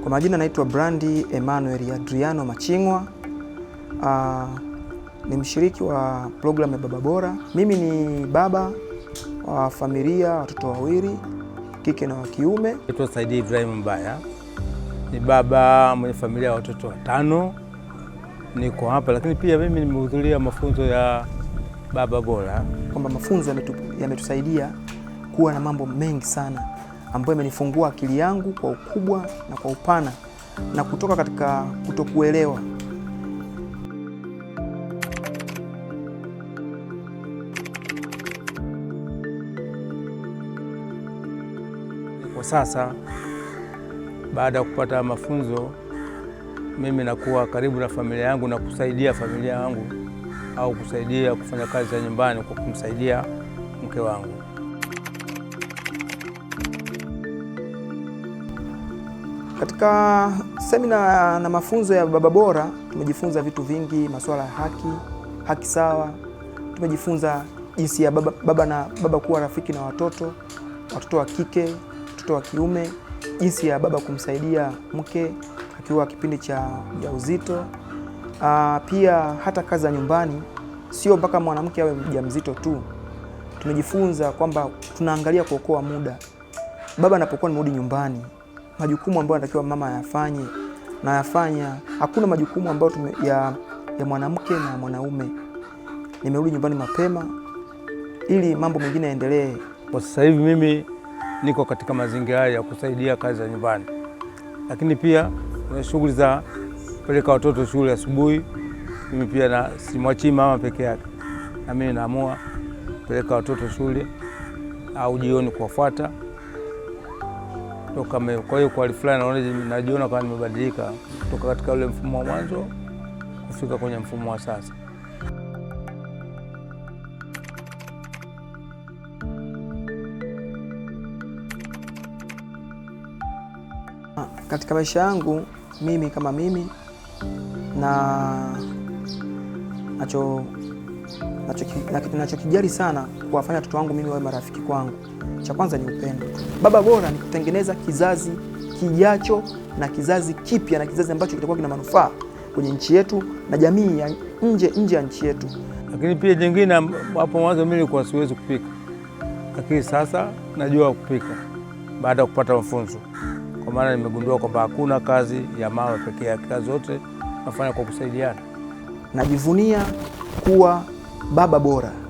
Kwa majina naitwa Brandi Emmanuel Adriano Machingwa. Uh, ni mshiriki wa programu ya Baba Bora. Mimi ni baba wa familia watoto wawili kike na wa kiume. Naitwa Saidi Ibrahim Mbaya, ni baba mwenye familia ya watoto watano. Niko hapa lakini pia mimi nimehudhuria mafunzo ya Baba Bora, kwamba mafunzo yametusaidia kuwa na mambo mengi sana ambayo imenifungua akili yangu kwa ukubwa na kwa upana na kutoka katika kutokuelewa. Kwa sasa baada ya kupata mafunzo, mimi nakuwa karibu na familia yangu na kusaidia familia yangu au kusaidia kufanya kazi za nyumbani kwa kumsaidia mke wangu. Katika semina na mafunzo ya Baba Bora tumejifunza vitu vingi, masuala ya haki, haki sawa. Tumejifunza jinsi ya baba, baba na baba kuwa rafiki na watoto, watoto wa kike, watoto wa kiume, jinsi ya baba kumsaidia mke akiwa kipindi cha ujauzito. Ah, pia hata kazi za nyumbani, sio mpaka mwanamke awe mjamzito tu. Tumejifunza kwamba tunaangalia kuokoa muda, baba anapokuwa nimerudi nyumbani majukumu ambayo anatakiwa mama ayafanye na yafanya. Hakuna majukumu ambayo ya, ya mwanamke na mwanaume. Nimerudi nyumbani mapema ili mambo mengine yaendelee. Kwa sasa hivi mimi niko katika mazingira haya ya kusaidia kazi za nyumbani, lakini pia kuna shughuli za kupeleka watoto shule asubuhi. Mimi pia na simwachi mama peke yake, na mimi naamua kupeleka watoto shule au jioni kuwafuata toka me, kwa hiyo kwa hali fulani naona najiona kama nimebadilika kutoka katika ule mfumo wa mwanzo kufika kwenye mfumo wa sasa. Katika maisha yangu mimi kama mimi na nacho, nacho, nachokijali sana kuwafanya watoto wangu mimi wawe marafiki kwangu. Cha kwanza ni upendo. Baba bora ni kutengeneza kizazi kijacho na kizazi kipya na kizazi ambacho kitakuwa kina manufaa kwenye nchi yetu na jamii ya nje nje ya nchi yetu. Lakini pia jingine, hapo mwanzo mimi nilikuwa siwezi kupika, lakini sasa najua kupika baada ya kupata mafunzo, kwa maana nimegundua kwamba hakuna kazi ya mawe pekee yake, kazi zote nafanya kwa kusaidiana. Najivunia kuwa baba bora.